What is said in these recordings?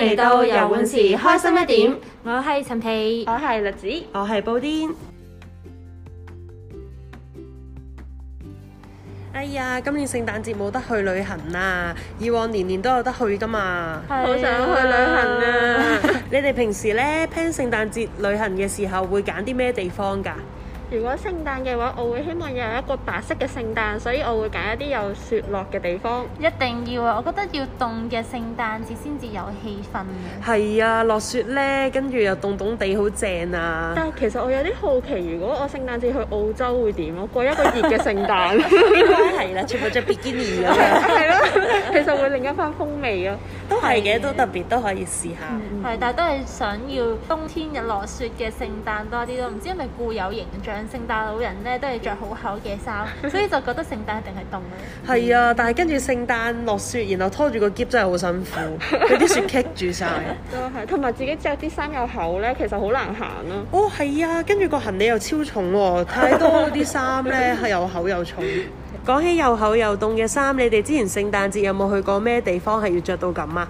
嚟到遊泳池，開心一點。我係陳皮，我係栗子，我係布丁。哎呀，今年聖誕節冇得去旅行啦！以往年年都有得去噶嘛，好、啊、想去旅行啊！ 你哋平時咧 plan 聖誕節旅行嘅時候，會揀啲咩地方噶？如果聖誕嘅話，我會希望有一個白色嘅聖誕，所以我會揀一啲有雪落嘅地方。一定要啊！我覺得要凍嘅聖誕節先至有氣氛嘅。係啊，落雪呢，跟住又凍凍地，好正啊！但係其實我有啲好奇，如果我聖誕節去澳洲會點啊？我過一個熱嘅聖誕。 係啦， 全部著比基尼咁咯， 其實會另一番風味咯、啊。都係嘅，的都特別都可以試下。係、嗯嗯，但係都係想要冬天日落雪嘅聖誕多啲咯。唔知係咪固有形象，聖誕老人咧都係着好厚嘅衫，所以就覺得聖誕一定係凍嘅。係啊、 嗯，但係跟住聖誕落雪，然後拖住個喼真係好辛苦，俾啲 雪棘住晒，都係，同埋 自己着啲衫又厚咧，其實好難行咯、啊。哦，係啊，跟住個行李又超重喎、啊，太多啲衫咧，係又厚又重。講起又厚又凍嘅衫，你哋之前聖誕節有冇去過咩地方係要着到咁啊？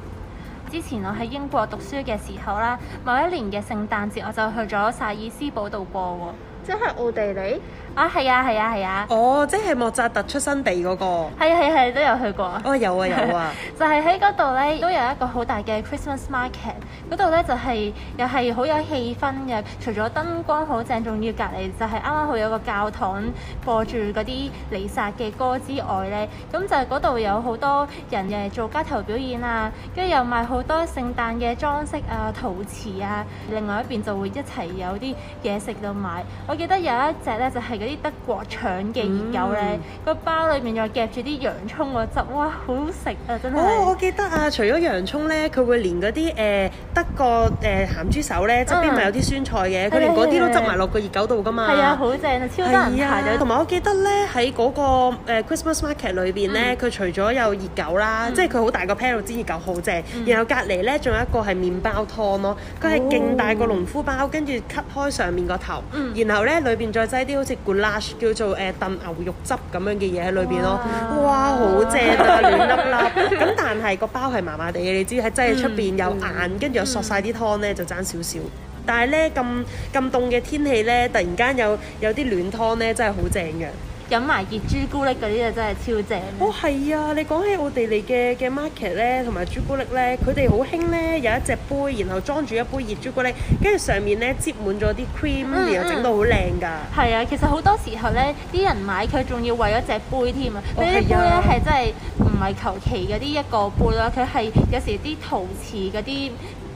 之前我喺英國讀書嘅時候啦，某一年嘅聖誕節我就去咗薩爾斯堡度過喎。即係奧地利啊，係啊係啊係啊！啊啊哦，即係莫扎特出生地嗰、嗰個。係啊係啊，都、啊、有去過。哦有啊有啊，有啊 就係喺嗰度呢，都有一個好大嘅 Christmas market。嗰度呢，就係又係好有氣氛嘅，除咗燈光好正，仲要隔離就係啱啱好有個教堂播住嗰啲彌撒嘅歌之外呢。咁就係嗰度有好多人又係做街頭表演啊，跟住又賣好多聖誕嘅裝飾啊、陶瓷啊，另外一邊就會一齊有啲嘢食到買。我記得有一隻咧，就係嗰啲德國腸嘅熱狗咧，個、嗯、包裏面又夾住啲洋葱個汁，哇，好好食啊！真係。哦，我記得啊，除咗洋葱咧，佢會連嗰啲誒德國誒、呃、鹹豬手咧側邊咪有啲酸菜嘅，佢連嗰啲、哎、呀都執埋落個熱狗度噶嘛。係啊，好正啊，超得意啊，同埋我記得咧，喺嗰、那個、呃、Christmas Market 裏邊咧，佢、嗯、除咗有熱狗啦，嗯、即係佢好大個 paddle 煎熱狗，好正、嗯。然後隔籬咧，仲有一個係麵包湯咯，佢係勁大個農夫包，跟住 cut 開上面個頭，嗯、然後。咧裏邊再擠啲好似 goulash 叫做誒、呃、燉牛肉汁咁樣嘅嘢喺裏邊咯，哇好正啊， 暖粒粒。咁 但係個包係麻麻地嘅，你知喺擠喺出邊有硬，跟住、嗯、又索晒啲湯咧、嗯、就爭少少。但係咧咁咁凍嘅天氣咧，突然間有有啲暖湯咧，真係好正嘅。飲埋熱朱古力嗰啲就真係超正。哦，係啊！你講起奧地利嘅嘅 market 咧，同埋朱古力咧，佢哋好興咧有一隻杯，然後裝住一杯熱朱古力，跟住上面咧擠滿咗啲 cream，嗯嗯，然後整到好靚㗎。係啊，其實好多時候咧，啲人買佢仲要為咗隻杯添、哦、啊！呢啲杯咧係真係唔係求其嗰啲一個杯啦，佢係有時啲陶瓷嗰啲。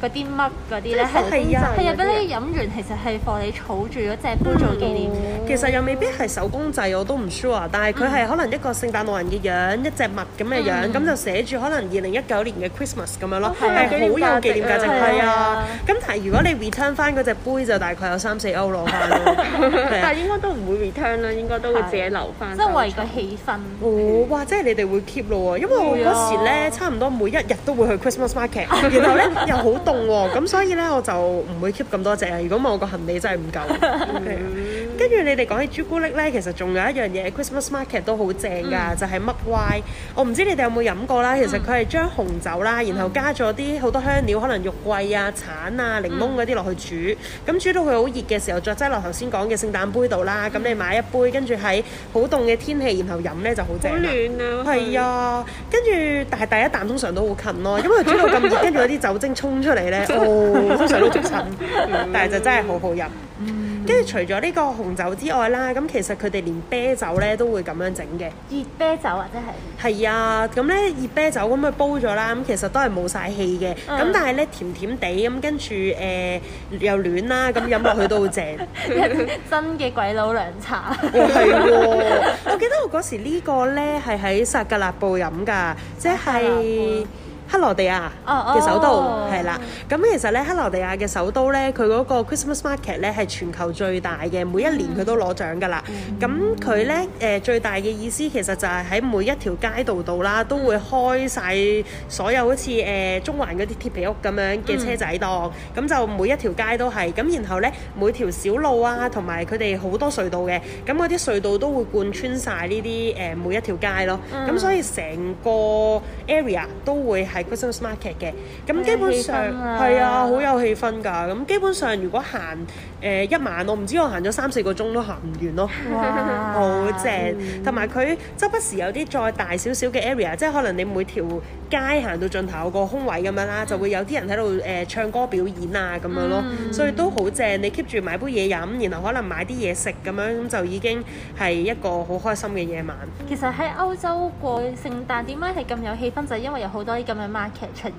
嗰啲乜嗰啲咧係係啊係啊，俾你飲完其實係放你儲住嗰隻杯做紀念。其實又未必係手工製，我都唔 sure 但係佢係可能一個聖誕老人嘅樣，一隻襪咁嘅樣，咁就寫住可能二零一九年嘅 Christmas 咁樣咯，係好有紀念價值。係啊，咁但係如果你 return 翻嗰隻杯就大概有三四歐攞翻。但係應該都唔會 return 啦，應該都會自己留翻。因為個氣氛。哦，哇！即係你哋會 keep 咯喎，因為我嗰時咧差唔多每一日都會去 Christmas market，然後咧又好凍。咁 所以呢，我就唔會 keep 咁多隻呀。如果冇個行李真係唔夠。 嗯跟住你哋講起朱古力呢，其實仲有一樣嘢，Christmas market 都好正㗎，嗯、就係麥威，我唔知你哋有冇飲過啦。其實佢係將紅酒啦，嗯、然後加咗啲好多香料，可能肉桂啊、橙啊、檸檬嗰啲落去煮。咁煮到佢好熱嘅時候，再擠落頭先講嘅聖誕杯度啦。咁你買一杯，跟住喺好凍嘅天氣，然後飲呢就好正。好暖啊！係啊，跟住是但係第一啖通常都好近咯，因為煮到咁熱，跟住有啲酒精衝出嚟呢，哦，通常都灼親，但係就真係好好飲。跟住除咗呢個紅酒之外啦，咁其實佢哋連啤酒咧都會咁樣整嘅。熱啤酒或者係。係啊，咁咧熱啤酒咁佢煲咗啦，咁其實都係冇晒氣嘅。咁、嗯、但係咧甜甜地咁跟住誒又暖啦，咁飲落去都好正。真嘅鬼佬涼茶。哦，係喎、啊！ 我記得我嗰時個呢個咧係喺薩格勒布飲㗎，即係。克羅地亞嘅首都係啦，咁、oh, oh. 其實咧克羅地亞嘅首都咧，佢嗰個 Christmas market 咧係全球最大嘅，mm. 每一年佢都攞獎㗎啦。咁佢咧誒最大嘅意思其實就係喺每一條街道度啦，都會開晒所有好似誒、呃、中環嗰啲鐵皮屋咁樣嘅車仔檔，咁、mm. 就每一條街都係。咁然後咧每條小路啊，同埋佢哋好多隧道嘅，咁嗰啲隧道都會貫穿晒呢啲誒每一條街咯。咁、mm. 所以成個 area 都會。係 Christmas market 嘅，咁基本上係啊，好有氣氛㗎。咁基本上如果行誒、呃、一晚，我唔知我行咗三四個鐘都行唔完咯。好正哇！同埋佢周不時有啲再大少少嘅 area，即係可能你每條街行到盡頭有個空位咁樣啦，嗯、就會有啲人喺度誒唱歌表演啊咁樣咯。嗯、所以都好正。你 keep 住買杯嘢飲，然後可能買啲嘢食咁樣，咁就已經係一個好開心嘅夜晚。其實喺歐洲過聖誕點解係咁有氣氛，就係因為有好多啲咁 Market，出現，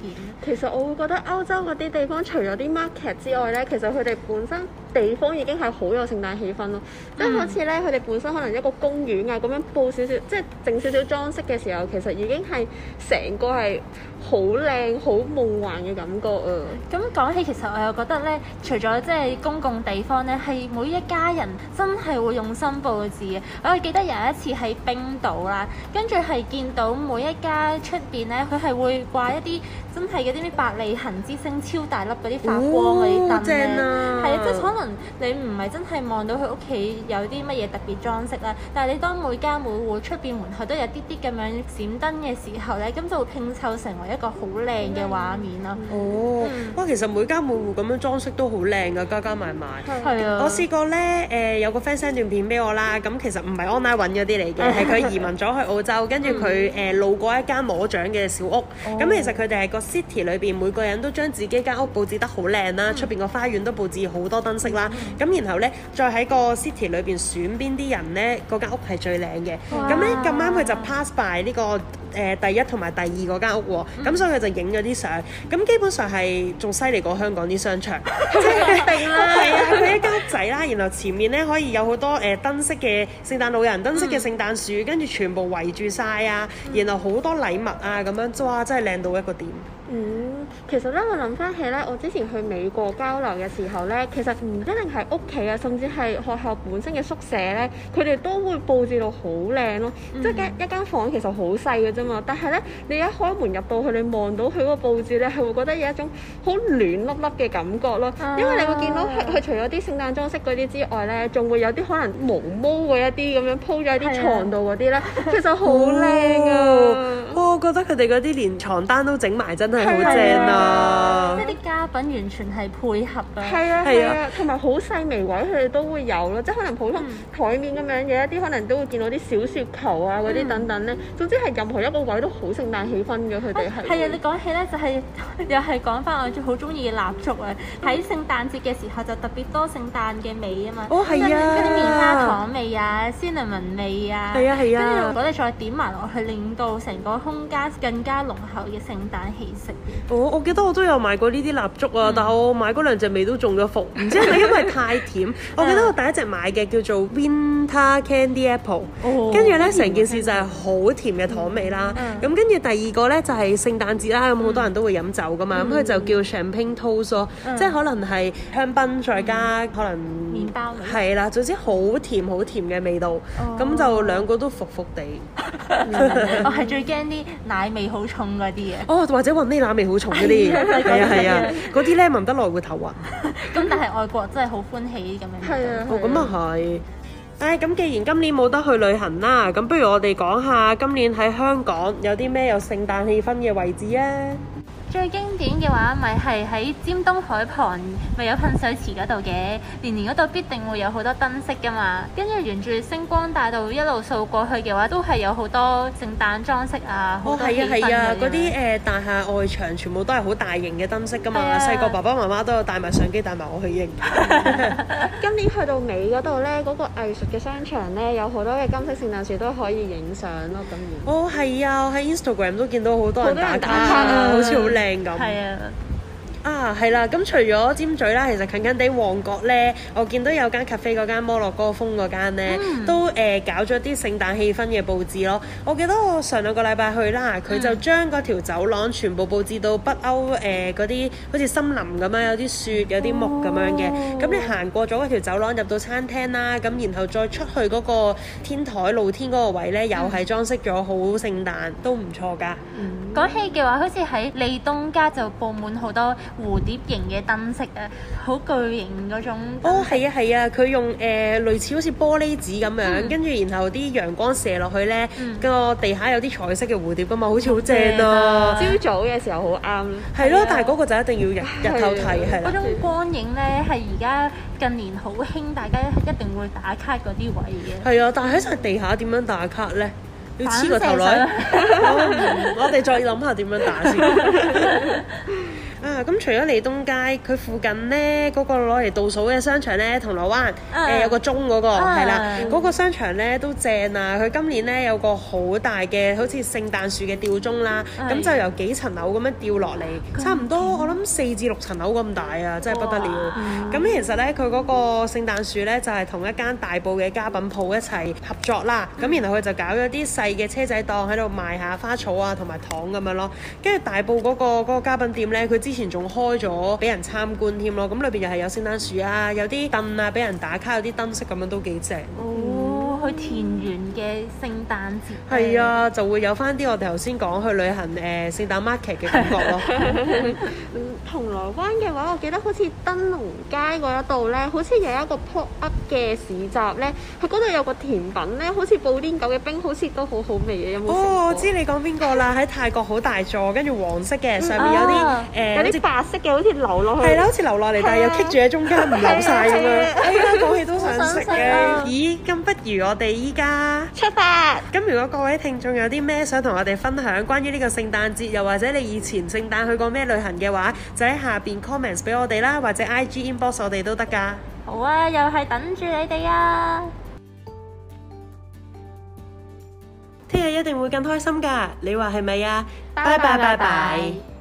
其實我會覺得歐洲嗰啲地方除咗啲 Market 之外咧，其實佢哋本身地方已經係好有聖誕氣氛咯。即係、嗯、好似咧，佢哋本身可能一個公園啊咁樣佈少少，即係整少少裝飾嘅時候，其實已經係成個係好靚、好夢幻嘅感覺啊。咁講、嗯、起，其實我又覺得咧，除咗即係公共地方咧，係每一家人真係會用心佈置嘅。我記得有一次喺冰島啦，跟住係見到每一家出邊咧，佢係會，掛一啲真係嗰啲伯利恆之星超大粒嗰啲發光嗰啲燈、哦、啊！係啊，即係可能你唔係真係望到佢屋企有啲乜嘢特別裝飾啦，但係你當每家每戶出邊門口都有啲啲咁樣閃燈嘅時候咧，咁就會拼湊成為一個好靚嘅畫面啦、嗯。哦， 哇，其實每家每戶咁樣裝飾都好靚噶，加加埋埋。係啊。我試過咧，誒、呃、有個 friend send 段片俾我啦，咁其實唔係 online 揾嗰啲嚟嘅，係佢 移民咗去澳洲，跟住佢誒路過一間魔掌嘅小屋。嗯哦咁、嗯、其實佢哋係個 city 裏邊每個人都將自己間屋佈置得好靚啦，出邊個花園都佈置好多燈飾啦。咁、嗯、然後呢，再喺個 city 裏邊選邊啲人呢？嗰間屋係最靚嘅。咁哇呢，咁啱佢就 pass by 呢、呢個。誒、呃、第一同埋第二嗰間屋喎、喔，咁、嗯啊、所以佢就影咗啲相，咁、啊、基本上係仲犀利過香港啲商場，定啦， 係 啊，佢一間屋仔啦，然後前面咧可以有好多誒、呃、燈飾嘅聖誕老人、燈飾嘅聖誕樹，嗯、跟住全部圍住晒啊，嗯、然後好多禮物啊，咁樣，哇，真係靚到一個點。嗯，其實咧我諗翻起咧，我之前去美國交流嘅時候咧，其實唔一定係屋企啊，甚至係學校本身嘅宿舍咧，佢哋都會佈置到好靚咯，嗯、即係一，一間房其實好細嘅啫。但係咧，你一開門入到去，你望到佢個佈置咧，係會覺得有一種好暖粒粒嘅感覺咯。因為你會見到佢佢除咗啲聖誕裝飾嗰啲之外咧，仲會有啲可能毛毛嗰一啲咁樣鋪咗喺啲床度嗰啲咧，的其實好靚啊！ 哦我覺得佢哋嗰啲連床單都整埋，真係好正啊！嗰啲家品完全係配合啊，係啊，係啊，同埋好細微位佢哋都會有咯，即係可能普通台面咁樣嘅一啲，可能都會見到啲小雪球啊嗰啲等等咧。總之係任何一個位都好聖誕氣氛嘅，佢哋係啊！你講起咧就係又係講翻我最好中意嘅蠟燭啊！喺聖誕節嘅時候就特別多聖誕嘅味啊嘛！哦係啊，嗰啲棉花糖味啊，cinnamon 味啊，係啊係啊，跟住如果你再點埋落去，令到成個空加更加濃厚嘅聖誕氣息。我我記得我都有買過呢啲蠟燭啊，但係我買嗰兩隻味都中咗伏，唔知係咪因為太甜？我記得我第一隻買嘅叫做 Winter Candy Apple，跟住咧成件事就係好甜嘅糖味啦。咁跟住第二個咧就係聖誕節啦，咁好多人都會飲酒㗎嘛，咁佢就叫 Champagne Toast，即係可能係香檳再加可能麵包。係啦，總之好甜好甜嘅味道，咁就兩個都服服哋。我係最驚啲。奶味好重嗰啲嘢，哦，或者混啲奶味好重嗰啲，係啊係啊，嗰啲咧聞得耐會頭暈。咁但係外國真係好歡喜咁樣。係 啊。啊，哦，咁啊係，唉咁、哎、既然今年冇得去旅行啦，咁不如我哋講下今年喺香港有啲咩有聖誕氣氛嘅位置啊。最經典嘅話，咪係喺尖東海旁咪有噴水池嗰度嘅，年年嗰度必定會有好多燈飾噶嘛。跟住沿住星光大道一路掃過去嘅話，都係有好多聖誕裝飾啊，好多氣氛嘅。哦，係、哦、啊，係啊，嗰啲誒大廈外牆全部都係好大型嘅燈飾噶嘛。細個、啊啊、爸爸媽媽都有帶埋相機帶埋我去影。 今年去到尾嗰度呢，嗰、那個藝術嘅商場呢，有好多嘅金色聖誕樹都可以影相咯。咁然。哦，係啊，喺 Instagram 都見到好多人打卡，啊，嗯嗯、好似好靚。係啊。啊，係啦，咁、嗯、除咗尖咀啦，其實近近地旺角呢，我見到有間 cafe 嗰間摩洛哥風嗰間咧，嗯、都誒、呃、搞咗啲聖誕氣氛嘅佈置咯。我記得我上兩個禮拜去啦，佢就將嗰條走廊全部佈置到北歐誒嗰啲好似森林咁樣，有啲雪，有啲木咁樣嘅。咁、哦、你行過咗嗰條走廊入到餐廳啦，咁然後再出去嗰個天台露天嗰個位呢，又係裝飾咗好聖誕，都唔錯噶。講、嗯、起嘅話，好似喺利東街就佈滿好多。蝴蝶形嘅燈飾啊，好巨型嗰種。哦，係啊，係啊，佢用誒、呃、類似好似玻璃紙咁樣，跟住、嗯、然後啲陽光射落去咧，嗯、個地下有啲彩色嘅蝴蝶噶嘛，好似好正咯。朝早嘅時候好啱。係咯，但係嗰個就一定要日啦、啊、日頭睇係啦。嗰種光影咧係而家近年好興，大家一定會打卡嗰啲位嘅。係啊、嗯，但係喺曬地下點樣打卡咧？要黐個頭嚟。我哋再諗下點樣打先。 啊，咁、嗯、除咗利東街，佢附近呢嗰、那個攞嚟倒數嘅商場呢，銅鑼灣誒、呃、有個鐘嗰、那個係啦，嗰個商場呢都正啊！佢今年呢有個大好大嘅好似聖誕樹嘅吊鐘啦，咁、嗯、就由幾層樓咁樣吊落嚟，嗯、差唔多、嗯、我諗四至六層樓咁大啊，真係不得了！咁、嗯嗯、其實呢，佢嗰個聖誕樹咧就係、是、同一間大埔嘅家品鋪一齊合作啦，咁、嗯嗯、然後佢就搞咗啲細嘅車仔檔喺度賣下花草啊，同埋糖咁樣咯，跟住大埔嗰、那個那個那個那個家品店呢，佢之之前仲開咗俾人參觀添咯，咁裏邊又係有聖誕樹啊，有啲凳啊俾人打卡，有啲燈飾咁樣都幾正。哦，嗯、去田園嘅聖誕節啊。係啊，就會有翻啲我哋頭先講去旅行誒、呃、聖誕 market 嘅感覺咯。 銅鑼灣嘅話，我記得好似燈籠街嗰一度呢，好似有一個 pop up 嘅市集呢，佢嗰度有個甜品呢，好似布丁狗嘅冰，好似都好好味嘅。有冇？哦，我知你講邊個啦。喺泰國好大座，跟住黃色嘅，上面有啲誒，有啲白色嘅，好似流落去。係啦，好似流落嚟，但係又棘住喺中間，唔流晒。咁樣。依家講起都想食嘅。咦，咁不如我哋依家出發。咁如果各位聽眾有啲咩想同我哋分享，關於呢個聖誕節，又或者你以前聖誕去過咩旅行嘅話，就喺下邊 comments 俾我哋啦，或者 IG inbox 我哋都得噶。好啊，又係等住你哋啊！聽日一定會更開心噶，你話係咪啊？拜拜拜拜。